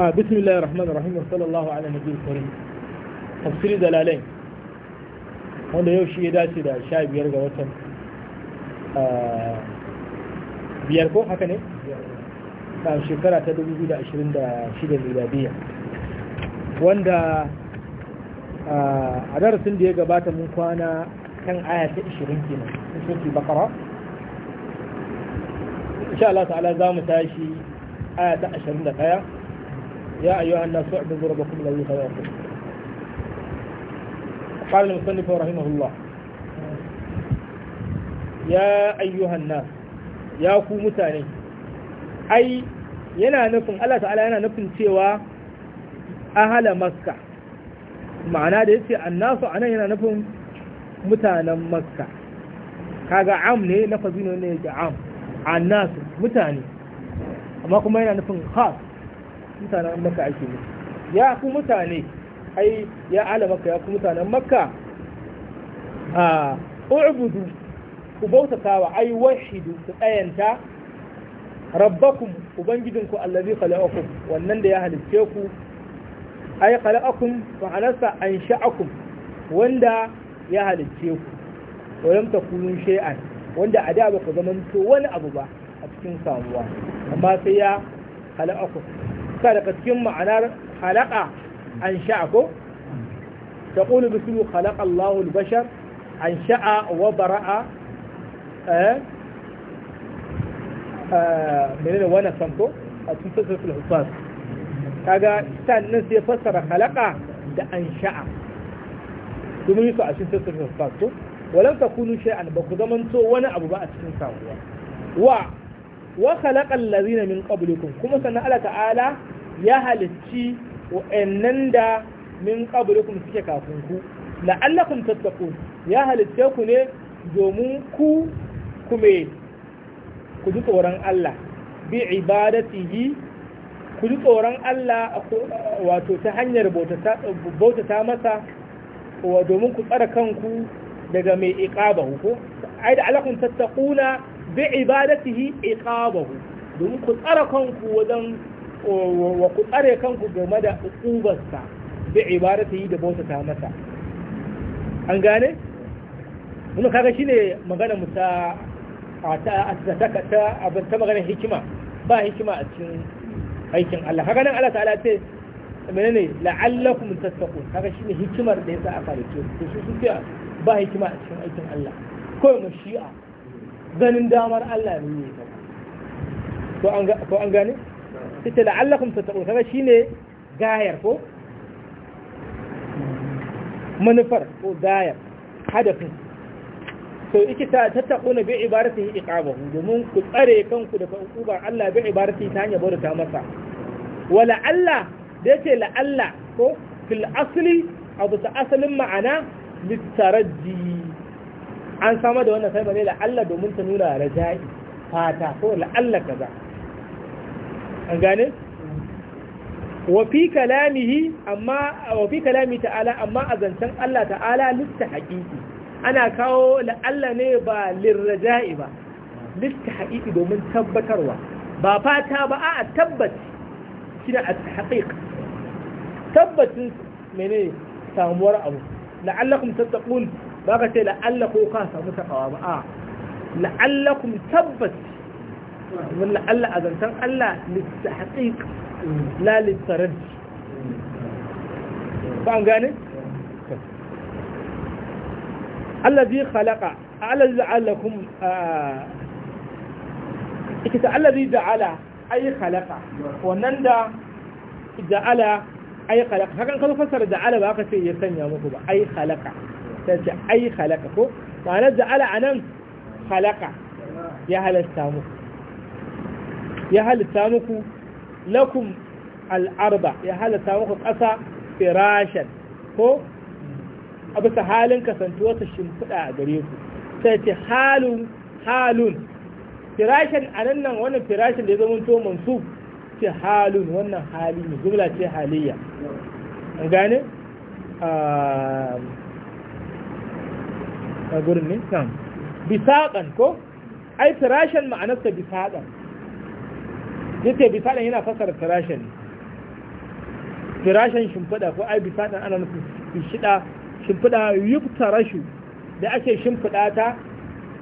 a bismillahir rahmanir rahim wa sallallahu ala nabiyil karim tafsiri dalalain wanda yau shi ya dace da sha biyar ga watan ko haka ne a shekara ta 2026 miladiya wanda a darasin da ya gabata mun kwana kan aya ta 20 kenan in soki bakara insha Allah ta'ala za tashi aya ta 21 يا أيها الناس اعبدوا ربكم الذي خلقكم قال المصنف رحمه الله يا أيها الناس يا ku mutane yana nufin Allah ta'ala yana nufin cewa ahala makka ma'ana da yace annasu anan yana nufin mutanen makka kaga am ne lafazi ne yake am annasu mutane amma kuma yana nufin khas mutanen maka ake musu ya ku mutane ai ya ala makka ya ku mutanen maka a ubudu ku kawa ai wahidu ku tsayanta rabbakum ubangijinku allazi khalaqakum wannan da ya halicce ku ai khalaqakum ma'anarsa ansha'akum wanda ya halicce ku wa lam takunu shay'an wanda a da ba ku zamanto wani abu ba a cikin samuwa amma sai ya khalaqakum sa daga cikin ma'anar halaka an sha'a ko ta ƙulu bisu halaka Allahul bashar an sha'a wa bara'a eh, eh, menene wani sanko a cikin sassan hussas kaga stan nan sai fassara halaka da an sha'a domin yi su a cikin sassan hussas to walau ta kunu sha'an ba ku zamanto wani abu ba a cikin samuwa wa wa khalaqa allazina min qablikum kuma sanna ala ta'ala ya halicci wa'annan da min kuma suke kafin ku la'allakun tattaqun ya halicce ku ne domin ku kume ku ji tsoron Allah bi ibadatihi ku ji tsoron Allah wato ta hanyar bautata masa wa domin ku tsara kanku daga mai iqabahu ko ai da alakun tattakuna bi ibadatihi iqabahu domin ku tsara kanku wajen wa ku tsare kanku game da ukubarsa bi ibarata yi da bauta ta mata, an gane mun kaga ne magana musa a takata ta abin ta magana hikima ba hikima a cikin aikin Allah kaga nan Allah ta'ala ce menene la'allakum tattaqun kaga ne hikimar da ya sa a fara to su su ba hikima a cikin aikin Allah kawai shi'a ganin damar Allah ne ne to an gane ta ce la'allakum ta taɓo kaga shine gayar ko manufar ko gayar hadafin to iki ta tattaɓo na bai ibarati iqabahu domin ku tsare kanku daga uba Allah bai ibarati ta hanyar bauta masa wa la'alla da yake la'alla ko fil asli abu ta asalin ma'ana littaraji an sama da wannan sai bane la la'alla domin ta nuna raja'i fata ko Allah kaza an gane wafi kalamihi amma wafi kalami ta'ala amma a zancen Allah ta'ala lista haƙiƙi ana kawo la'alla ne ba lirraja'i ba lista haƙiƙi domin tabbatarwa ba fata ba a tabbat shi a haƙiƙ tabbacin mene samuwar abu la'allakum tattaqun ba ka ce la'alla ko ka samu takawa ba a la'allakum tabbaci من الله أذن سن الله للتحقيق لا للترد فهم قاني الذي خلق لكم آه، الذي جعل أي خلق ونندى جعل أي خلق فكان قد فسر جعل باقة يسن يا مكوبة أي خلق أي خلق معنى جعل عنا خلق يا هل استاموك ya halitta muku lakum al'arba ya halitta muku ƙasa firashen ko a bisa halin ta shimfiɗa a gare ku sai ce halun halun firashen a nan nan wannan firashen da ya zama to mansu ce halun wannan hali ne jumla ce haliyya an gane a gurin nisan sam ko ai firashen ma'anarsa bisaƙan yake bisalan yana fasara firashin firashin shimfida ko ai bisalan ana nufin shida shimfiɗa yuftarashu da ake shimfida ta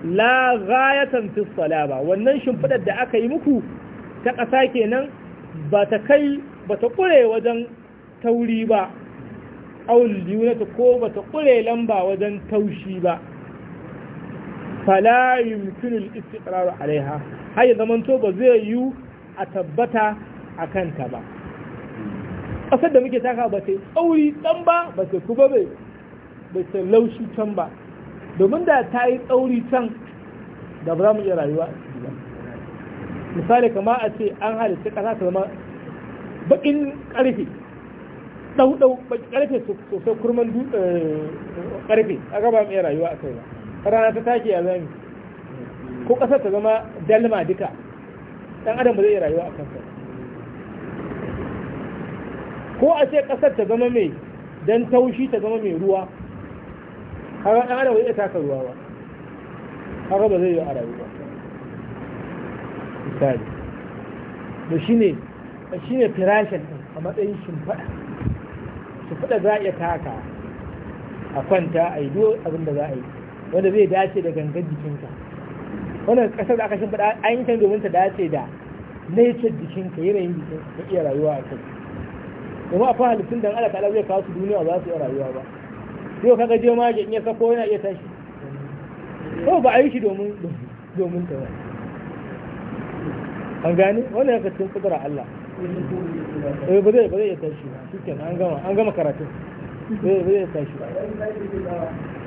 la ghayatan fi salaba wannan shimfida da aka yi muku ta ƙasa kenan ba ta kai ba ta kure wajen tauri ba awul yunata ko ba ta kure lamba wajen taushi ba fala al istiqrar alaiha hayya zamanto ba zai yi a tabbata a kanta ba ƙasar da muke taka ba sai tsauri ɗan ba ba sai kuma bai bai sai laushi can ba domin da ta yi tsauri can da ba za mu iya rayuwa a ciki ba misali kama a ce an halitta ƙasa ta zama baƙin ƙarfe ɗauɗau ƙarfe sosai kurman eh, ƙarfe a gaba mu iya rayuwa a kai ba rana ta take ya zami ko ƙasar ta zama dalma duka dan adam ba zai yi rayuwa a kansa ko a ce kasar ta zama mai dan taushi ta zama mai ruwa har dan adam ba zai taka ruwa ba har ba zai yi a rayuwa misali da shine ne firashin a matsayin shimfiɗa shimfiɗa za a iya taka a kwanta a yi duk abin da za a yi wanda zai dace da gangan jikinka wannan kasar da aka shimfiɗa an yi domin ta dace da nature jikinka yanayin jikin ka iya rayuwa a kai a fara halittun da Allah ta'ala zai kawo su duniya ba su iya rayuwa ba yau kaga je ma in ya sako yana iya tashi ko ba a yi shi domin domin ta ba an gane wannan ya kacin kudura Allah eh ba zai ba zai iya tashi ba shikenan an gama an gama karatu ba zai tashi ba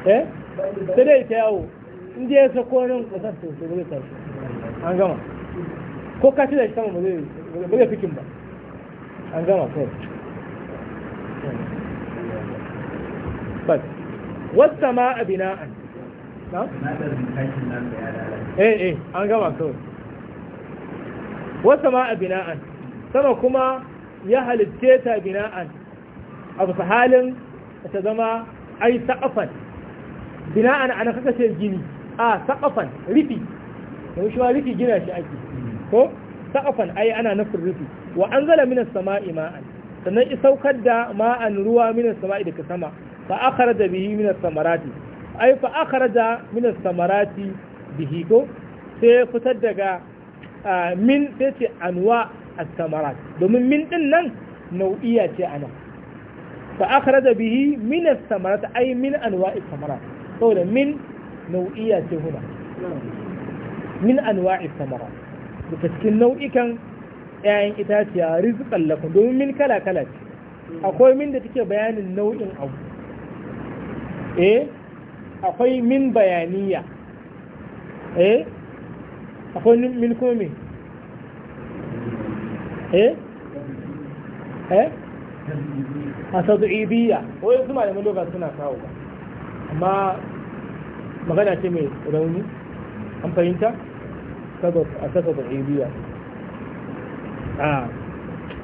eh sai dai ta yawo in dai ya sako nan kasar to to zai tashi an gama ko ka ci da shi sama ba zai ba zai fikin ba an gama ko bas wasta ma a bina'an na? eh eh an gama kawai wasta ma a bina'an sama kuma ya halitte ta bina'an abu halin ta zama ai sa'afan bina'an ana kaka ce gini a saƙafan rufi, da shi rufi gina shi ake ko saƙafan ai ana nufin rufi wa an zala minas sama'i ma'an sannan saukar da ma'an ruwa minas sama'i daga sama fa akara da bihi minas samarati ai fa akara da minas samarati bihi ko sai fitar daga min sai ce anwa as-samarat domin min din nan nau'iya ce ana fa akara da bihi minas samarati ai min anwa as-samarat saboda min nau'iya ce huna min anwa'i samara daga cikin nau'ikan 'ya'yan itaciya rizqan lakum domin min kala kala ce akwai min da take bayanin nau'in abu eh akwai min bayaniya eh akwai min kuma eh eh a saudi'ibiyya wai su da lokaci suna kawo ba amma magana ce mai rauni an fahimta a saka da ibiya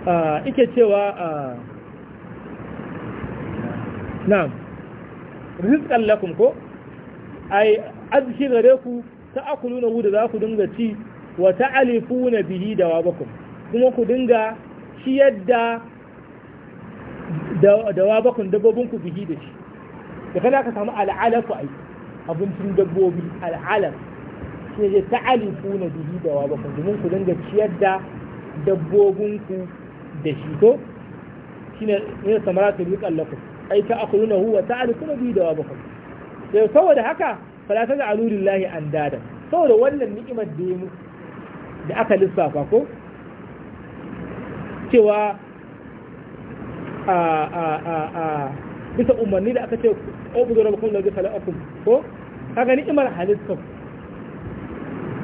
a ike cewa a na rizikan lakun ko ai arziki gare ku ta akulu na da za ku dinga ci wa ta alifu na bihi da wabakun kuma ku dinga ciyar da da wabakun dabbobinku bihi da shi da kada ka samu ku aiki abincin dabbobi al'alam shi ne alifu na bihi da wa bakon domin ku dinga ciyar da dabbobinku da shi to shi ne ne samara ta riƙa lakum ai ta akuluna huwa alifu na bihi da wa bakon sai saboda haka fala ta ja'alu lillahi dada saboda wannan ni'imar da ya mu da aka lissafa ko cewa a a a a bisa umarni da aka ce obudu da la zikra lakum ko kaga ni'imar halittar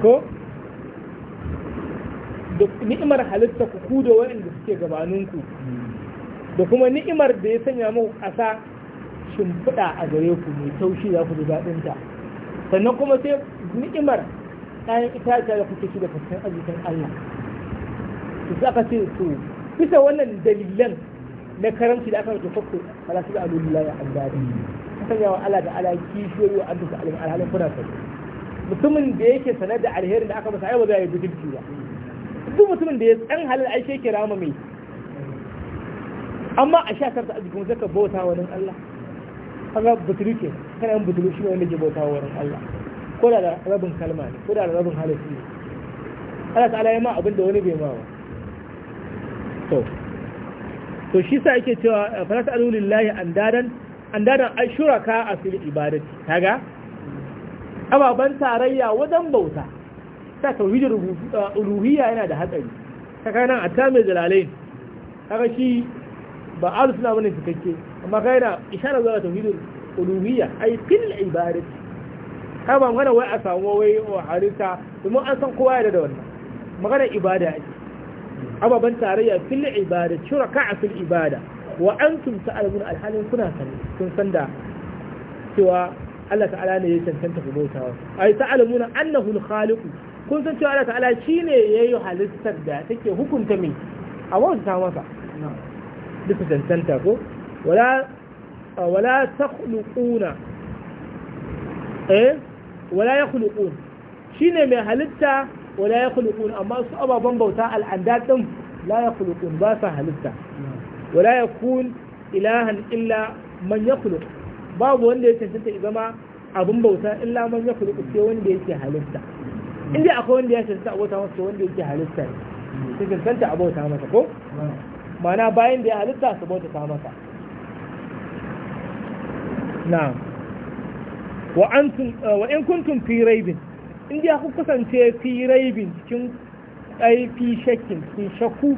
ko da ni'imar halittar ku ku da waɗanda suke gabaninku da kuma ni'imar da ya sanya muku ƙasa shimfiɗa a gare ku mai taushi za ku da daɗinta sannan kuma sai ni'imar ɗayan itaciya da kuke ci da fuskan arzikin Allah su aka ce to bisa wannan dalilan na karamci da aka rike fakko ala su da alulillah ya ku sanya wa Allah da ala kishiyoyi wa antum ta'lamun alhalin kuna sani mutumin da yake sanar da alherin da aka masa ai ba za ya butulci ba duk mutumin da ya san halal ai shi kira mai amma a sha karta arziki kuma ka bauta wa nan Allah kaga butulike kana yin butulu shi ne wanda ke bauta wa nan Allah ko da rabin kalma ne ko da rabin halafi ne Allah ta'ala ya ma abin da wani bai ma ba to to shi sa ake cewa fa tas'alu lillahi andadan andadan ai shuraka a fil ibadati kaga ababan tarayya wajen bauta ta tauhidin ruhiyya yana da hatsari kaga nan atta mai zalalai kaga shi ba alu suna bane cikakke amma kai yana isharar zuwa tauhidin uluhiyya ai fil ibadati kaga ba magana wai a samu wai a harita Kuma an san kowa ya da wannan magana ibada ake ababan tarayya fil ibada shuraka a fil ibada wa antum ta'lamun alhalin kuna sani kun san da cewa Allah ta'ala ne ya cancanta ku bautawa ai ta'lamuna annahu al kun san cewa Allah ta'ala shine yayi halittar da take hukunta me a wauta masa duka cancanta ko wala wala takhluquna eh wala yakhluqun shine mai halitta wala yakhluqun amma su ababan bauta al'anda din la yakhluqun ba sa halitta ولا يكون ilahan illa من يخلق babu wanda ya cancanta ya zama abin bauta illa man ya kuluku sai wanda yake halitta inda akwai wanda ya cancanta abota masa wanda yake halitta ne sai cancanta abota masa ko mana bayan da ya halitta su bauta ta masa na'am wa antum wa in kuntum fi raibin inda ku kasance fi raibin cikin ai fi shakkin sun shakku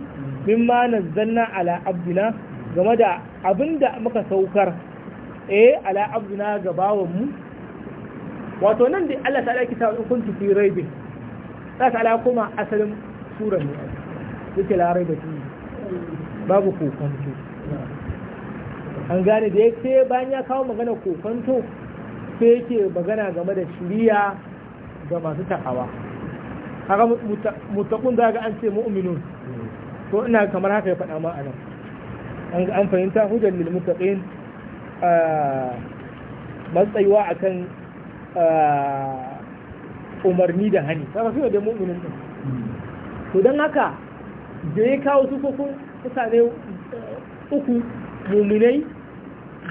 ma nazzalna ala abdina game da abinda muka saukar eh ala abdina ga bawon mu wato nan da Allah Ta da kitab in hukunci fi raibi ta ala kuma asalin sura ne yake la raibi fi babu kokonto an gane da yake bayan ya kawo magana kokonto sai yake magana game da shiriya ga masu takawa haka mutakun za ga an ce mu'minun to ina kamar haka ya faɗa ma a nan an fahimta hujjar lil mutaqin matsayiwa akan umarni da hani kaga shi da mu'minun din to dan haka da ya kawo su ko kusane eh, uku muminai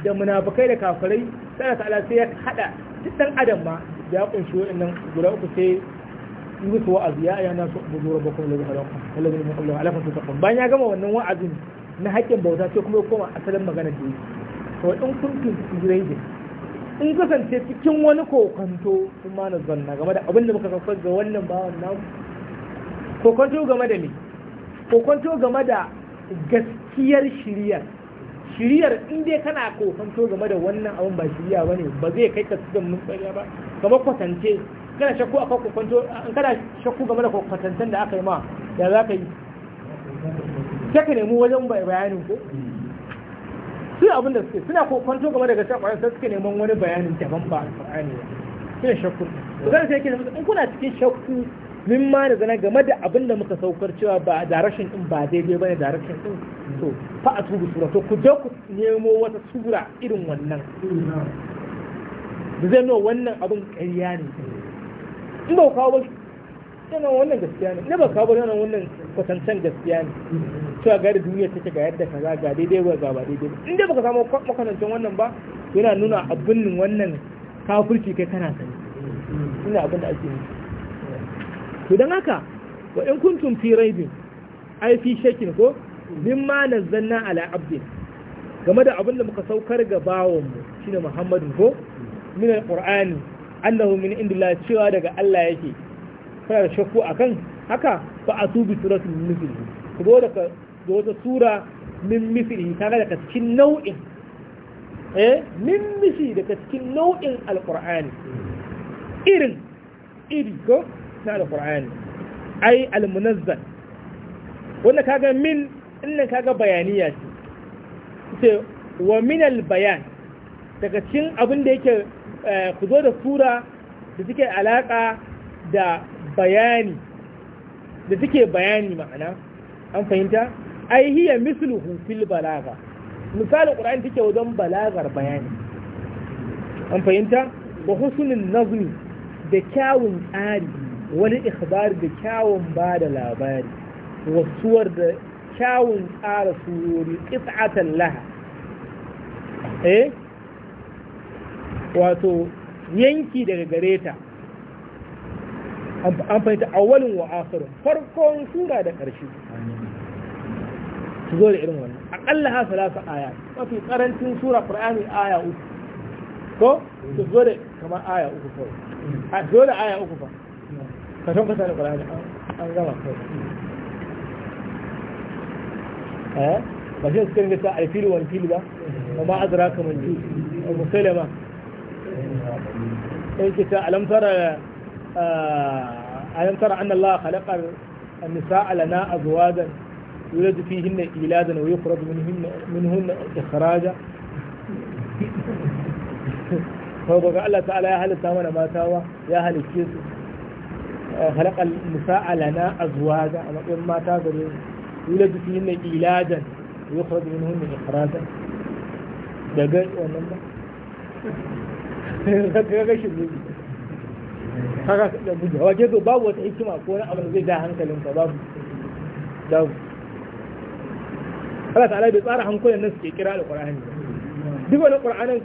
da munafikai da kafirai sai ta ala sai ya hada duk dan adam ma ya kunshi waɗannan guda uku sai yi wa'azi ya ayyana su budu kuma alladhi khalaqakum alladhi min qablu alafa tattaqun bayan ya gama wannan wa'azin na haƙƙin bauta sai kuma ya koma asalin magana da yi to in kuntum tuzraidin in kasance cikin wani kokonto sun ma na zanna game da abin da muka kafa ga wannan bawan namu kokonto game da me kokonto game da gaskiyar shiriyar shiriyar in dai kana kokonto game da wannan abin ba shiriya bane ba zai kai ka cikin mun ba kamar kwatance kana shakku kana shakku game da kwakwatantan da aka yi ma da za ka yi sai ka nemi wajen bayanin ko su abin da suke suna kwakwanto game da gaskiya ƙwarar sai suke neman wani bayanin daban ba alƙur'ani ba suna shakku su kana sai yake da in kuna cikin shakku min ma da zana game da abin da muka saukar cewa ba direction din ba daidai bane direction din to fa a tubu sura to ku je ku nemo wata sura irin wannan da zai nuna wannan abin ƙarya ne in ba kawo ba yana wannan gaskiya ne ne ba kawo ba yana wannan kwatancen gaskiya ne cewa ga da duniya take ga yadda kaza ga daidai ba ga ba daidai ba in dai baka samu makamancin wannan ba yana nuna abin wannan kafirci kai kana sani ina abin da ake nufi to don haka wa in kuntum fi raibin ai fi shakin ko mimma nazzalna ala abdin game da abin da muka saukar ga bawon mu shine muhammadin ko min alqur'ani annahu min indillah cewa daga Allah yake kana da shakku akan haka fa asubi suratul nufl ku zo daga da wata sura min misli kaga daga cikin nau'in eh min misli daga cikin nau'in alqur'ani irin irin ko na alqur'ani ai almunazzal wanda kaga min innan kaga bayaniya ce sai wa min albayan daga cikin abin da yake Eh, ku zo da sura da suke alaƙa da bayani da suke bayani ma'ana an fahimta ai hiya misluhu fil balaga misali qur'ani take wajen balagar bayani an fahimta wa husnul da kyawun tsari wani ikhbar da kyawun ba da labari wasuwar da kyawun tsara surori qit'atan laha eh wato yanki daga gare ta an fahimta awalin wa asirin farkon sura da ƙarshe su zo da irin wannan aƙalla ha salasa aya mafi ƙarancin sura ƙar'ani aya uku ko su zo da kamar aya uku kawai a zo da aya uku fa ka san kasa da ƙar'ani an gama kawai eh? ba shi suka ringa ta alfilu wani fili ba amma azraka man ju musalama الكتاب ألم ترى آه، ألم ترى أن الله خلق النساء لنا أزواجا يولد فيهن إيلادا ويخرج منهن, منهن إخراجا فبقى الله تعالى يا أهل التامنة ما تاوى يا أهل الكيس آه، خلق النساء لنا أزواجا أما ما تاوى يولد فيهن إيلادا ويخرج منهن إخراجا دقيق ونمبر kaga rashin miji kaga da miji waje zo babu wata hikima ko wani abu zai da hankalin ka babu babu Allah ta'ala bai tsara hankulan nan suke kira alqur'ani duk wani qur'anin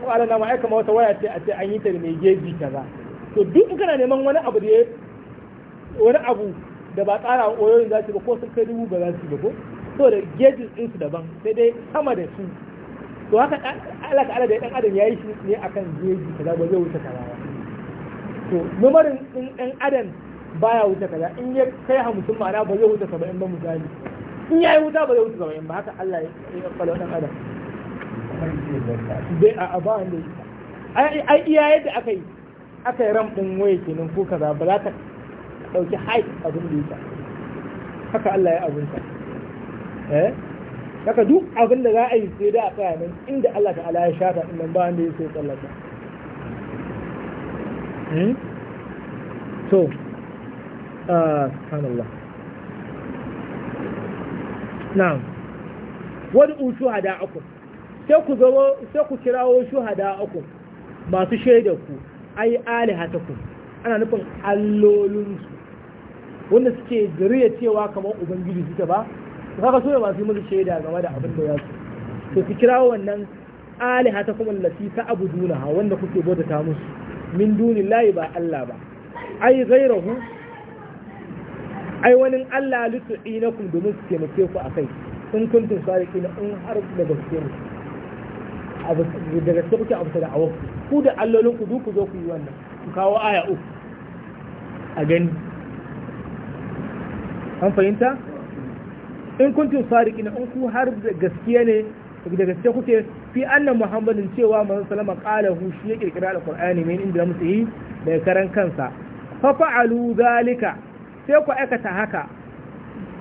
qur'anin na ma'aika ma wata waya ce a ce an yi ta da mai geji kaza to duk kana neman wani abu da wani abu da ba tsara oyoyin za su ba ko sun kai dubu ba za su ba ko so da gejin ɗinsu daban sai dai sama da su to haka Allah ta'ala da ɗan adam ya yi shi ne kan jeji kaza ba zai wuce kaza ba to numarin din dan adam baya wuce kaza in ya kai hamsin ma'ana ba zai wuce saba'in ba misali in ya yayi wuta ba zai wuce saba'in ba haka Allah ya kwalo dan adam dai a ba wanda yi ai iya yadda aka yi aka yi ram din waye kenan ko kaza ba za ka ɗauki height abin da yake haka Allah ya abunta eh haka duk abin da za a yi sai da a tsaya nan inda Allah ta'ala ya shata inda nan ba wanda ya sai tsallaka so hmm? ah subhanallah na'am wani shuhada aku sai ku zo sai ku kirawo shuhada aku masu shaida ku ai ku, ana nufin allolinsu wanda suke ya cewa kamar ubangiji suka ba kaga so ba masu mulki shaida game da abin da ya su to ki kirawo wannan aliha ta kuma lati ta abudunaha wanda kuke ta musu min layi ba Allah ba ai gairahu ai wani Allah lutu inakum kun domin su taimake ku akai in sariki na in har da gaske ne da gaske kuke abu da awu ku da allolin ku duku zo ku yi wannan ku kawo aya uku a gani an fahimta in sariki na in ku har gaskiya ne da gaske kuke fi annan muhammadin cewa manzon salama kala hu shi ya kirkira alqur'ani mai inda musu yi da karan kansa fa fa'alu zalika sai ku aikata haka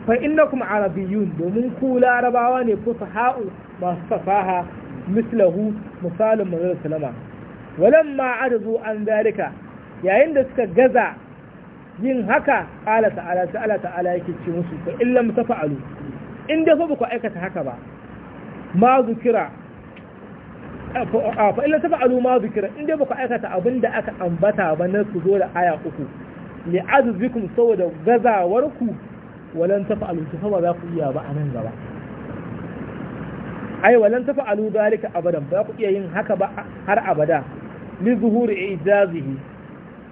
fa innakum arabiyyun domin ku larabawa ne fusaha'u masu fasaha mislahu misalin manzon salama walamma arzu an zalika yayin da suka gaza yin haka ƙala ta'ala sai Allah ta'ala yake ce musu fa illam tafa'alu in dai fa ba ku aikata haka ba ma zukira fa illam tafa'alu ma zukira in dai ba ku aikata abinda da aka ambata ba na su zo da aya uku li azzikum saboda gazawarku, ku walan tafa'alu ta ba za ku iya ba a nan gaba ai walan tafa'alu dalika abadan ba ku iya yin haka ba har abada li zuhuri ijazihi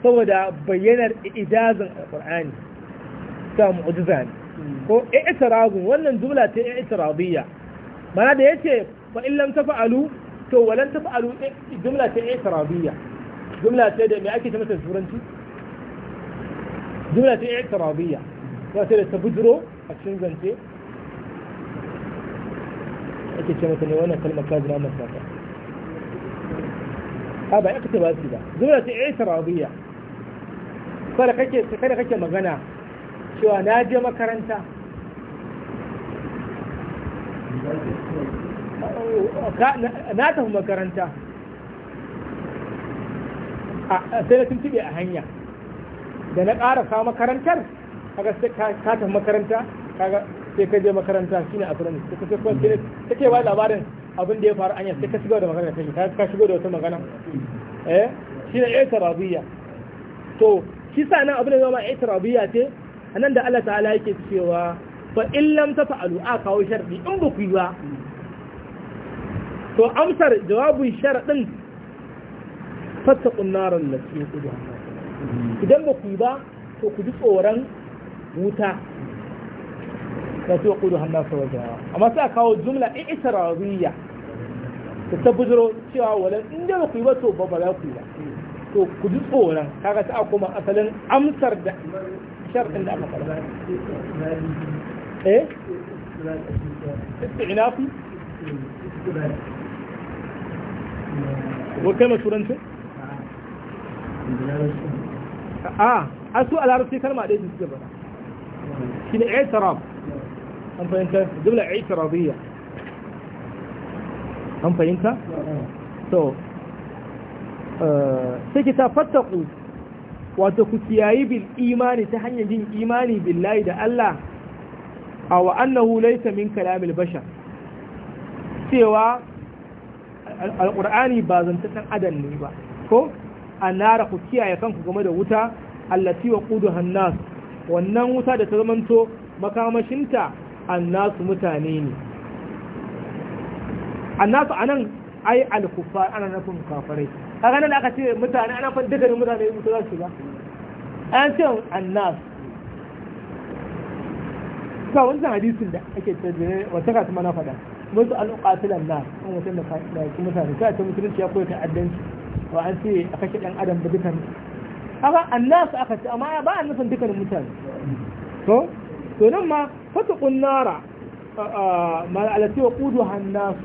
saboda bayyanar idazin alqur'ani ta mu'jiza ne ko i'tirazun wannan jumla ta i'tirabiyya mana da yace fa in lam tafa'alu to walan tafa'alu jumla ta i'tirabiyya jumla ta da me ake ta masa turanci jumla ta i'tirabiyya ko sai ta bujiro a cikin zance ake ce mata ne wannan kalmar ta jira masa ta ba ya kace ba su ba jumla ta i'tirabiyya kada kake kada kake magana cewa na je makaranta na tafi makaranta sai na tuntube a hanya da na ƙara sa makarantar kaga sai ka tafi makaranta kaga sai ka je makaranta ne a turan sai ka kuma sai take ba labarin abin da ya faru anya sai ka shigo da magana kai ka shigo da wata magana eh ne ya tarabiyya to shi sa nan abin da zama itirabiyya ce a nan da Allah ta'ala yake cewa ba in lam fa’alu a kawo sharadi in ba ku yi ba to amsar jawabin sharadin fattaqun naran lati qudha idan ba ku yi ba to ku ji tsoron wuta ta ce kudu hannu sa wajen amma sai a kawo jumla in ita rawiya ta ta bujiro cewa wadanda in ba ku yi ba to ba ba za ku yi ba to ku ji tsoron kaga ta a asalin amsar da sharɗin da aka faɗa eh istinafi wa kalmar turanci a a su a larabci kalma ɗaya suke ba shi ne aitarab an fahimta jumla aitarabiyya an fahimta so Eh, sai ki ta fattaku wato ku kiyayi bil imani ta hanyar jin imani billahi da Allah a wa annahu laysa min kalamil bashar cewa alqur'ani ba dan adam ne ba ko anara ku kiyaye kanku game da wuta allati wa quduha nas wannan wuta da ta zamanto makamashinta annasu mutane ne annasu anan ai alkufar ana nufin kafirai kaga nan aka ce mutane ana fa dukkanin mutane in za su shiga an ce annas ka wanda hadisin da ake tattare wata kasu mana faɗa musu an ƙatil annas an wata da faɗi mutane sai a ce musulunci ya ta addanci. Wa an ce a kashe ɗan adam da dukkanin kaga annas aka ce amma ba a nufin dukkanin mutane to to nan ma fata kunnara ma alati wa qudu hannas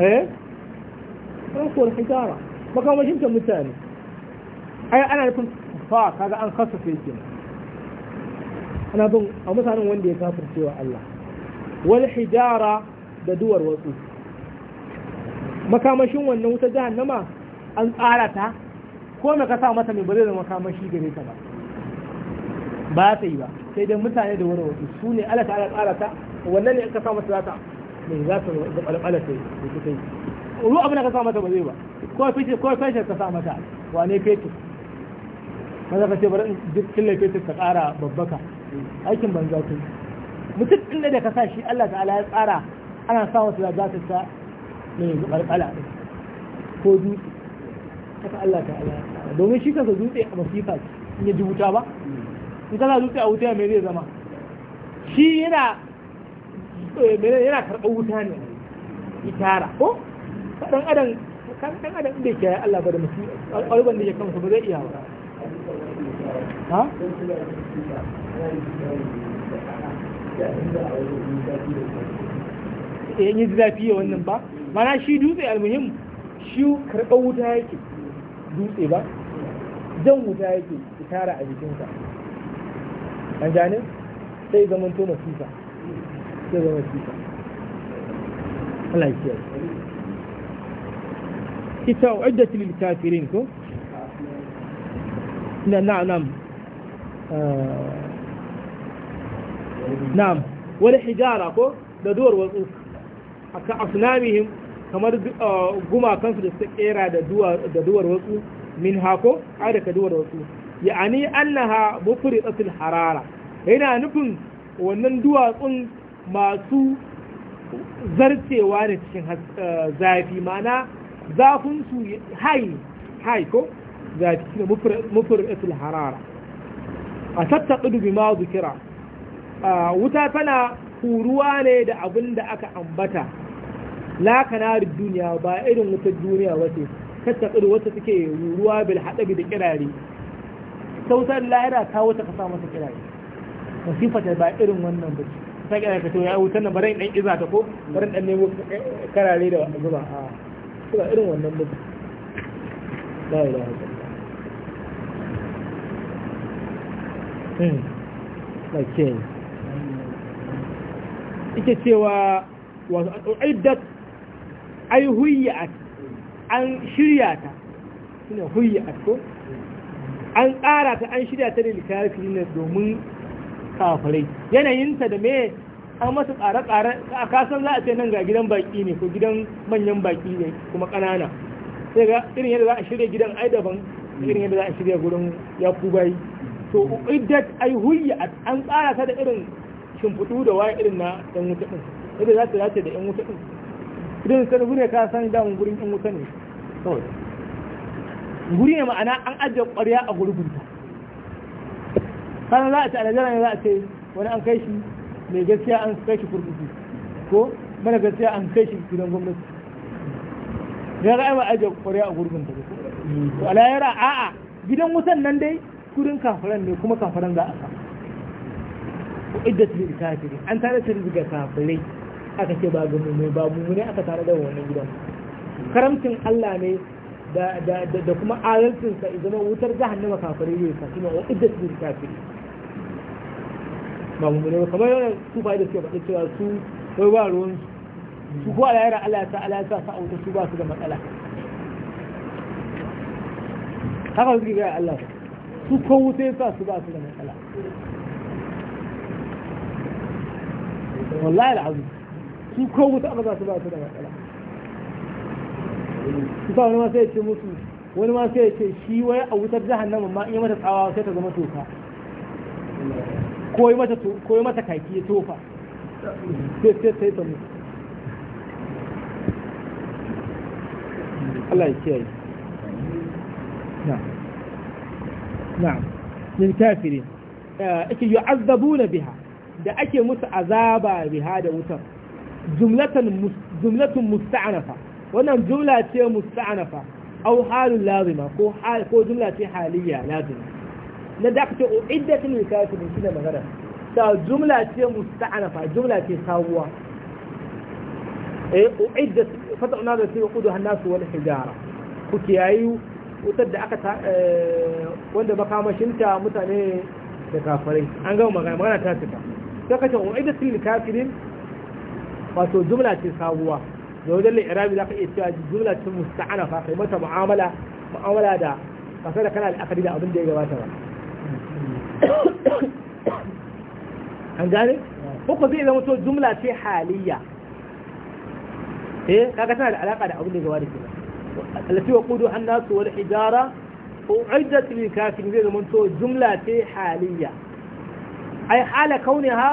eh rasuwar hijara makamashin ta mutane ai ana nufin fa kaga an sai ke ana bin a mutanen wanda ya cewa Allah wal hijara da duwar wasu makamashin wannan wuta jahannama an tsara ta ko me ka sa mata mai bare da makamashi gare ta ba ba ta yi ba sai dai mutane da wurin wasu su ne Allah ta tsara ta wannan ne in ka sa mata za ta Mai za ta da balbala ta yi ta yi ruwa abin da ka sa mata ba zai ba ko fice ko fashe ka sa mata wa ne fetur maza ka ce bari in killa fetur ka ƙara babbaka aikin banza ta mutum inda da ka sa shi Allah ala ya tsara ana sa wasu da za ta sa mai balbala ko dutse haka Allah ala ya tsara domin shi kansa dutse a masifa ce in ya ji wuta ba in kana dutse a wuta mai zai zama shi yana Eh, mene yana karɓar wuta ne ya tara? ko ɗan adam kan ɗan adam bai kiyaye Allah ba da mutum alƙalban da ke kansa ba zai iya ba ha yan eh, yi zafi ya wannan ba mana shi dutse almuhim shi karɓar wuta yake dutse ba jan wuta yake tara a jikinsa an gane sai zamanto masifa zai zama sifa Allah ya kiyaye ita uddatu lil ko na na'am ah. na'am wani hijara ko da duwar wasu aka asnamihim kamar ah, gumakansu da suka kera da duwar wasu min hako adaka duwar wasu ya'ani annaha mufridatul harara yana nufin wannan duwatsun masu zarcewa da cikin eh, zafi mana zafinsu hai hai ko zafi ne mufir isul harara a tattaɓi bi ma zukira wuta tana huruwa ne da abin da aka ambata la kanarin duniya ba irin wutar duniya wace tattaɓi wata suke huruwa bil haɗabi da kirare sautar lahira ta wata kasa masa kirare masifatar ba irin wannan ba sake da kato ya wutar nan bari dan iza ta ko bari dan nemo karare da zuba a kuma irin wannan da mutum la ilaha illallah ke hmm. ike cewa wasu al'addat ai huyyat an shirya ta shine huyyat ko an tsara ta an shirya ta da likafin ne domin kafirai yanayinsa da me an masa tsare-tsare a kasan za a ce nan ga gidan baki ne ko gidan manyan baki ne kuma ƙanana sai ga irin yadda za a shirya gidan ai daban irin yadda za a shirya gurin ya kubai to iddat ai huyya an tsara ta da irin shimfudu da waye irin na yan wuta ɗin yadda za ta dace da yan wuta ɗin idan sai gure ka san damun gurin yan wuta ne kawai gure ne ma'ana an ajje ƙwarya a gurgunta kana za a ce alajara ne za a ce wani an kai shi mai gaskiya an kai shi kurkuku ko mana gaskiya an kai shi gidan gwamnati ya ra'ayi ba ajiye kwarya a gurbin ta to alayara a'a gidan wutan nan dai kurin kafaran ne kuma kafaran za a sa iddat lil kafiri an tare da rizga kafirai aka ce ba gumi mai ba mu ne aka tare da wannan gidan karamcin Allah ne da kuma adalcin sa idan wutar jahannama kafirai ne fa kuma iddat lil kafiri ba mu ne kamar yana su fa'i da suke faɗi cewa su wai ba ruwan su ko alayar Allah ta Allah ta sa auta su ba su da matsala haka suke gaya Allah su ko wuce sa su ba su da matsala wallahi al'azim su ko wuta ba za su ba su da matsala su sa wani ma sai ce musu wani ma sai ce shi wai a wutar jahannama ma in yi mata tsawa sai ta zama toka koyi mata koyi mata kaki ya tofa sai sai sai ta mutu Allah ya kiyaye na na'am min kafirin eh, ake yu'azzabuna biha da ake musu azaba biha da wutar jumlatan jumlatun musta'anafa wannan jumla ce musta'anafa Au halin lazima ko ko jumla ce haliyya lazima na da kace iddatul likafirin shi ne magana ta jumla ce musta'anafa jumla ce sabuwa eh oh, iddat fata'na da sai kudu hannasu wani hijara ku kiyayi wutar da aka eh, wanda makamashinta mutane da kafirai an gama magana magana ta cika ta kace oh, iddatul likafirin wato jumla ce sabuwa da wajen irabi za ka iya cewa jumla ce musta'anafa kai mata mu'amala mu'amala da kasar da kana al'akari da abin da ya gabata ba an gane uku zai zama to jumla ce haliya eh kaga tana da alaka da abin da gaba da ke alati wa qudu annasu wal hijara u'iddat lil kafirin zai zama to jumla ce haliya ai hala kauniha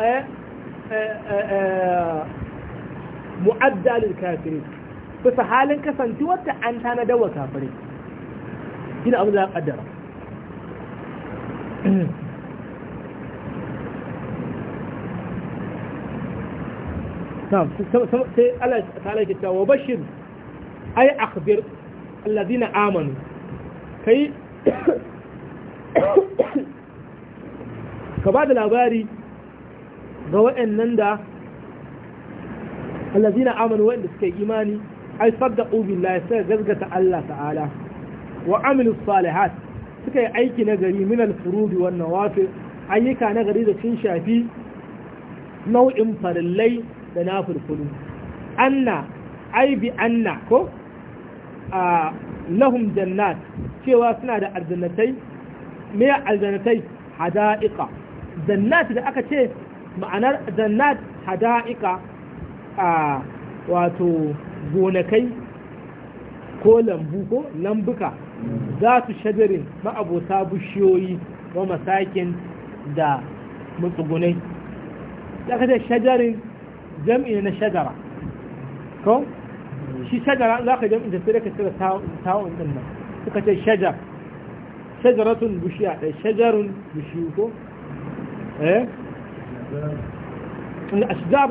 eh mu'adda lil kafirin bisa halin kasancewarta an tanadar wa kafirai ina abin da ya kaddara sai Allah ta'ala ka ba da labari ga waɗannan da allazina amanu waɗanda suka yi imani ai saddaqu billahi sai gazgata Allah ta'ala wa amilus salihat suka yi aiki na gari min al-furudi wan nawafil ayyuka na gari da sun shafi nau'in farillai da nafilfulu anna ai bi anna ko a lahum jannat cewa suna da aljannatai me aljannatai hada'iqa jannat da aka ce ma'anar jannat hada'iqa a wato gonakai ko lambu ko lambuka za su shajarin ma'abota bushiyoyi, wa masakin da matsugunai da ka jam'i na shajara ko shi shajara za ka jam'i da sai daga cire tawon ɗin nan suka ce shajar shajaratun bishiya ɗaya shajarun bishiyu ko eh الأشجار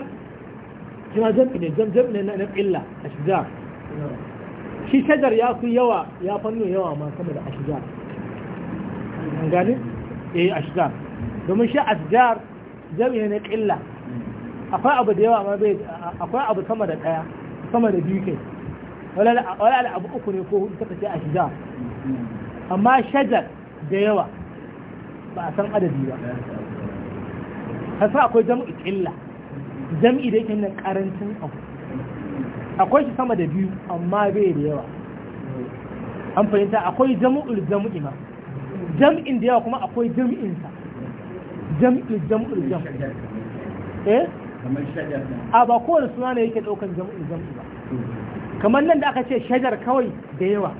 كما جمع جمع جمع نقلة أشجار shi shajar ya fi yawa ya fannu yawa ma sama da an eh domin shi jami'a ƙilla akwai abu da yawa ma bai akwai abu sama da ɗaya sama da biyu wala abu uku ne ko hudu amma shajar da yawa ba a san adadi ba kasa akwai jam'i ƙilla jam'i da yake nan ƙarancin abu akwai shi sama da biyu amma bai da yawa an fahimta akwai jam'ul jam'i ma jam'in da yawa kuma akwai jam'in sa jam'ul jam'ul jam eh a ba kowane suna ne yake daukan jam'ul jam'i ba kamar nan da aka ce shajar kawai da yawa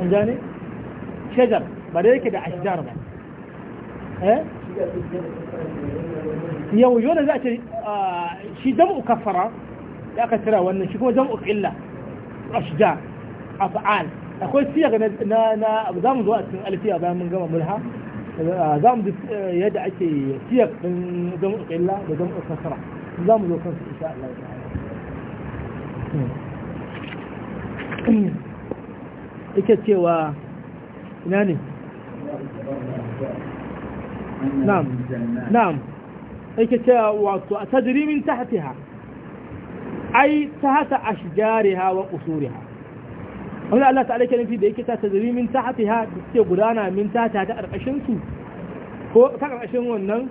an gane shajar ba da yake da ashjar ba eh yau yau da za a ce ah, shi jam'u kafara da aka tara wannan shi kuma jam'u illa ashja af'al akwai siyaga na na za mu zo a cikin alfiya bayan mun gama mulha za mu yadda ake siyag din jam'u illa da jam'u kasra za mu zo kansu insha Allah ta'ala yake cewa ina ne na'am na'am yake cewa wato a tajiri min tahtiha ai ta hata ashjariha wa usuriha wanda Allah ta'ala ke nufi da yake ta tazari min tahtiha da suke gudana min tahta ta karkashin su ko ta karkashin wannan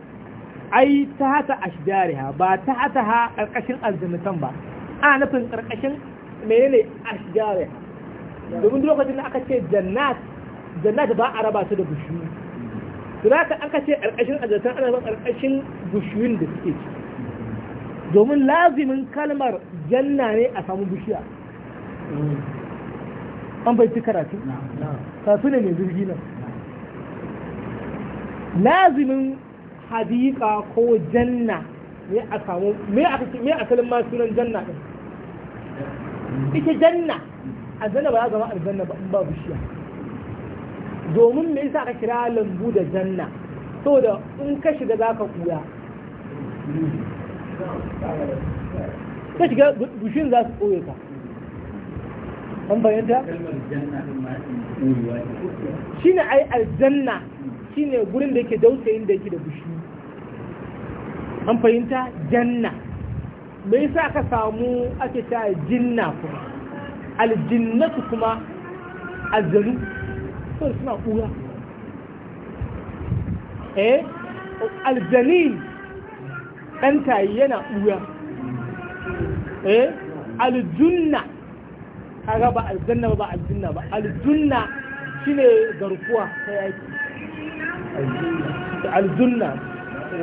ai ta hata ashjariha ba ta ha karkashin azzamatan ba a nufin karkashin menene ashjariha domin lokacin da aka ce jannat jannat ba a raba su da bushiyu. Tunaka aka ce karkashin azatan ana ban karkashin bushiyun da suke ciki. domin lazimin kalmar janna ne a samu bishiya an bai ci karatu karatu ne mai zirgi nan lazimin hadika ko janna ne a samu me asalin ma sunan janna ɗin ita janna a janna ba ya zama aljanna ba in ba bishiya domin me yasa aka kira lambu da janna saboda in ka shiga za ka kuya ka shiga bushin za su koye ka an bayyanta? shi ne a yi aljanna shi ne gurin da yake dausayin da yake da bushi an fahimta janna me yasa aka samu ake ta jinna kuma aljinnatu kuma aljanu so suna kura eh aljanin ɗan tayi yana ɓuya eh aljunna kaga ba aljanna ba aljunna ba aljunna shine garkuwa ta yaki aljunna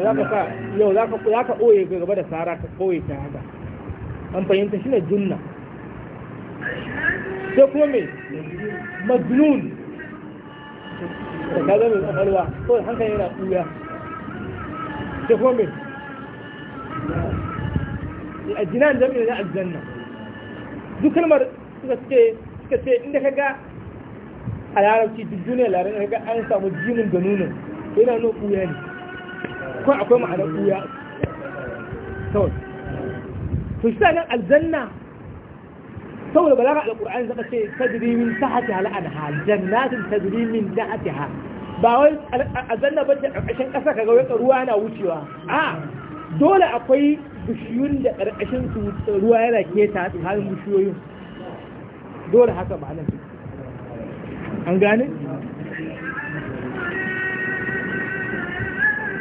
za ka sa yau za ka ɓoye gaba da tsara ka ɓoye ta haka an fahimta shine junna sai kuma mai majnun da zama mai kwakwalwa kawai hankali yana ɓuya sai kuma mai aljinan jami'i na aljanna duk kalmar suka ce suka ce inda ka ga a larabci duk duniya larabci ka ga an samu jinin da nunin yana nuna kuya ne ko akwai ma'anar kuya kawai to shi nan aljanna saboda balaga alqur'ani zaka ce tajri min tahtiha al-anhar jannatin tajri min tahtiha ba wai aljanna bace a ƙarƙashin ƙasa ka ga wai ruwa na wucewa a dole akwai bishiyun da ƙarƙashin su ruwa yana keta har bishiyoyin dole haka ba nan, an gane?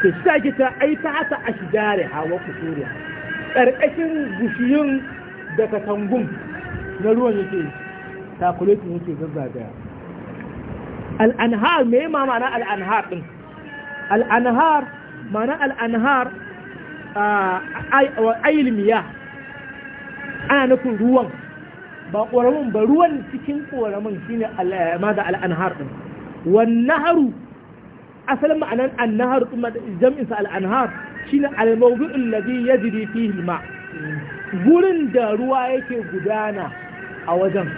ke shi ake ta ai ta hata a shi jare hawa kusuriya ƙarƙashin bishiyun da katangun na ruwan yake takulatin yake zazzagaya al'anhar mai ma mana al'anhar ɗin al'anhar mana al'anhar ailmiya ana nufin ruwan ba ƙoramin ba ruwan cikin ƙoramin shi ne eh, maza al'anhar ɗin wannan haru asalin ma'anan annahar kuma jam'insa al'anhar shine al-mawdu'ul ladhi yajri fihi al-ma gurin da ruwa yake gudana a wajen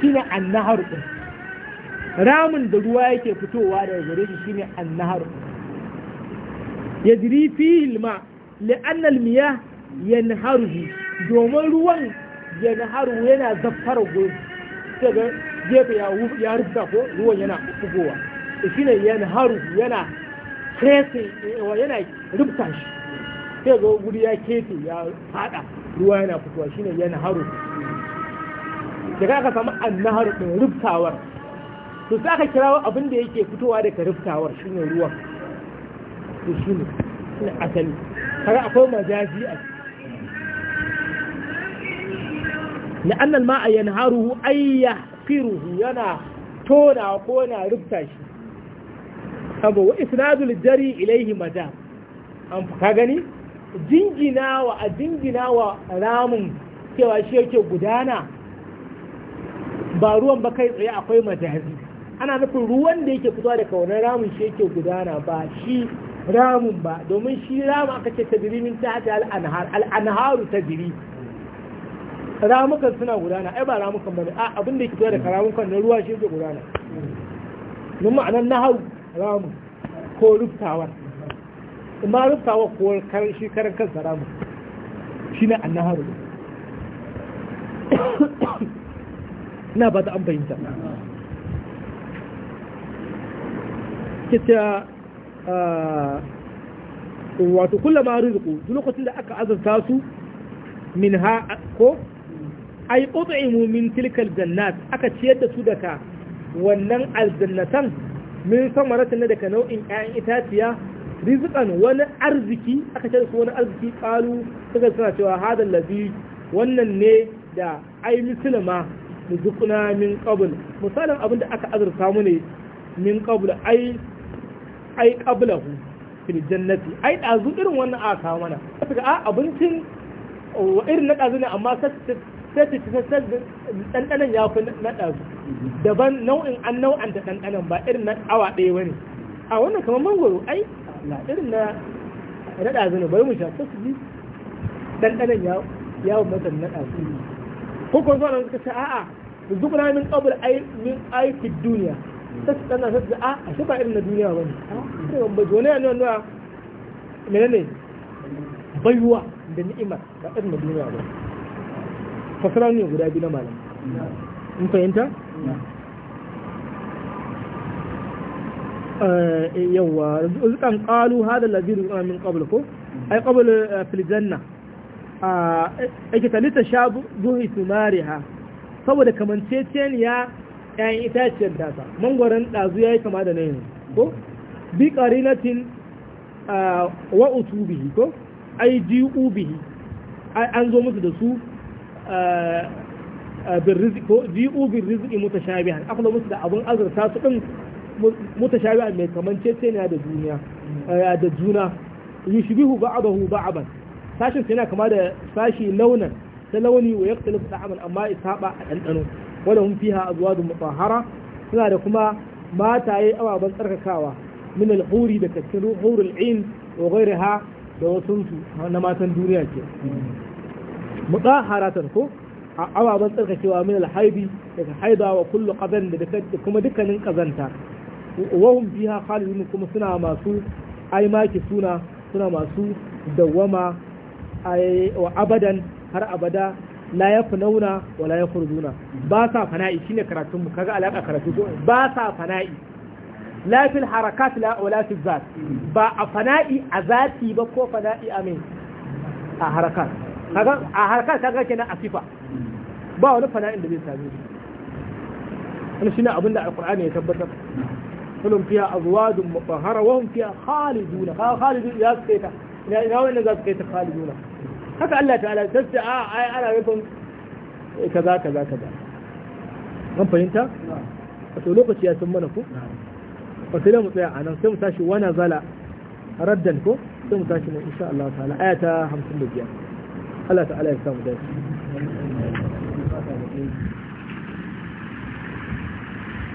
shine annahar din ramin da ruwa yake fitowa daga gare shi ne shine annahar yajri fihi al-ma li'annal miya haru domin ruwan haru yana zafara gudu ta ga gefe ya rufta ko ruwan yana fugowa shi ne haru yana kese yana rubuta shi ta ga gudu ya kete ya fada ruwa yana fitowa shi ne haru da ka samu annaharu ɗin rubtawar to sai aka kira abin da yake fitowa daga rubtawar shine ruwan to ne. asali asali kaga akwai majazi a na annal ma a yanharuhu ayya firuhu yana tona ko na rubta shi abu wa isnadul jari ilaihi majaz an ka gani wa a wa ramun cewa shi yake gudana ba ruwan ba kai tsaye akwai majazi ana nufin ruwan da yake fitowa daga wani ramin shi yake gudana ba shi ramun ba domin shi ramu aka ce min ta hata al'anhar al'anharu tadiri ramukan suna gudana ai ba ramukan ba ne a abin da ke zuwa da karamukan na ruwa shi ke gudana nun ma'anar na hau ramu ko ruftawar in ma ruftawar ko shi karan kansa ramu shi ne an naharu na ba ta an fahimta kita Ah, wato ma rizqu duk lokacin da aka azurta su min ha ko ay qut'imu min tilka aljannat aka ciyar da su daga wannan aljannatan min ne daga nau'in ƴaƴan itaciya rizqan wani arziki aka ciyar su wani arziki qalu suka suna cewa hada ladhi wannan ne da ai musulma muzukuna min qabl misalin abin da aka azurta mu ne min qabl ai ai qablahu fil jannati ai dazu irin wannan aka kawo mana kaga a ah, abincin irin na dazu ne amma sai dandanan ya fi na dazu daban nau'in an nau'an da ɗanɗanan ba irin na awa ɗaya ba ne a wannan kamar mangoro ai na irin na dazu ne, bari mu shafa su ji Dandanan ya fi masa na dazu ko zo zuwa suka ce a'a zukuna min qabl ai min ai fi duniya sai su tsanna sai su a a ah, shi ba irin na duniya ba ne sai ban bajo ne wannan wannan ne baiwa da ni'ima ba irin na duniya ba fasara ne guda biyu na malam in fahimta eh, eh, yawa rizqan qalu hada alladhi rizqana min qabl ko ay qabl eh, fil janna ah, ake talita su duhi ha. saboda ya. ‘ya'yan itaciyar tasa mangwaron ɗazu ya yi kama da na ko bi ƙarinatin wa'utu bihi ko ai ji'u bihi an zo musu da su ko ji'u bin riziki mutashabihan aka akwai musu da abin azurta su ɗin mutashabihan mai ne da duniya da juna abahu ba aban sashin sai yana kama da sashi launin ta launi wa yaqtalifu da'aman amma isa ba a ɗanɗano. wala hum fiha azwajun mutahhara suna da kuma mataye ababen tsarkakawa min al-huri da cikin hurul ain wa ghayriha da wasu na matan duniya ke mutahharatan ko ababen tsarkakewa min al-haibi daga haida wa kullu qadan da kuma dukkanin kazanta wa hum fiha khalidun kuma suna masu aimaki suna suna masu dawwama wa abadan har abada la ya funauna wa la ya furzuna ba sa fana'i shi ne karatunmu. kaga alaka karatu ko ba sa fana'i la fil harakat la wala fil zat ba a fana'i a zati ba ko fana'i a amin a harakat a harakat kaga kenan a sifa ba wani fana'in da zai same shi wannan shine abin da alqur'ani ya tabbatar kullum fiya azwajun mutahhara wa hum fiya khaliduna khalidun ya kai ta. ina wannan za su kai ta khaliduna haka Allah ta'ala sai ce a ah, ai ana rufin kaza kaza kaza an fahimta a wato lokaci ya sun mana ko wato da mu tsaya a nan sai mu tashi wana zala raddan ko sai mu tashi mu insha Allah ta'ala ayata 55 Allah ta'ala ya samu dace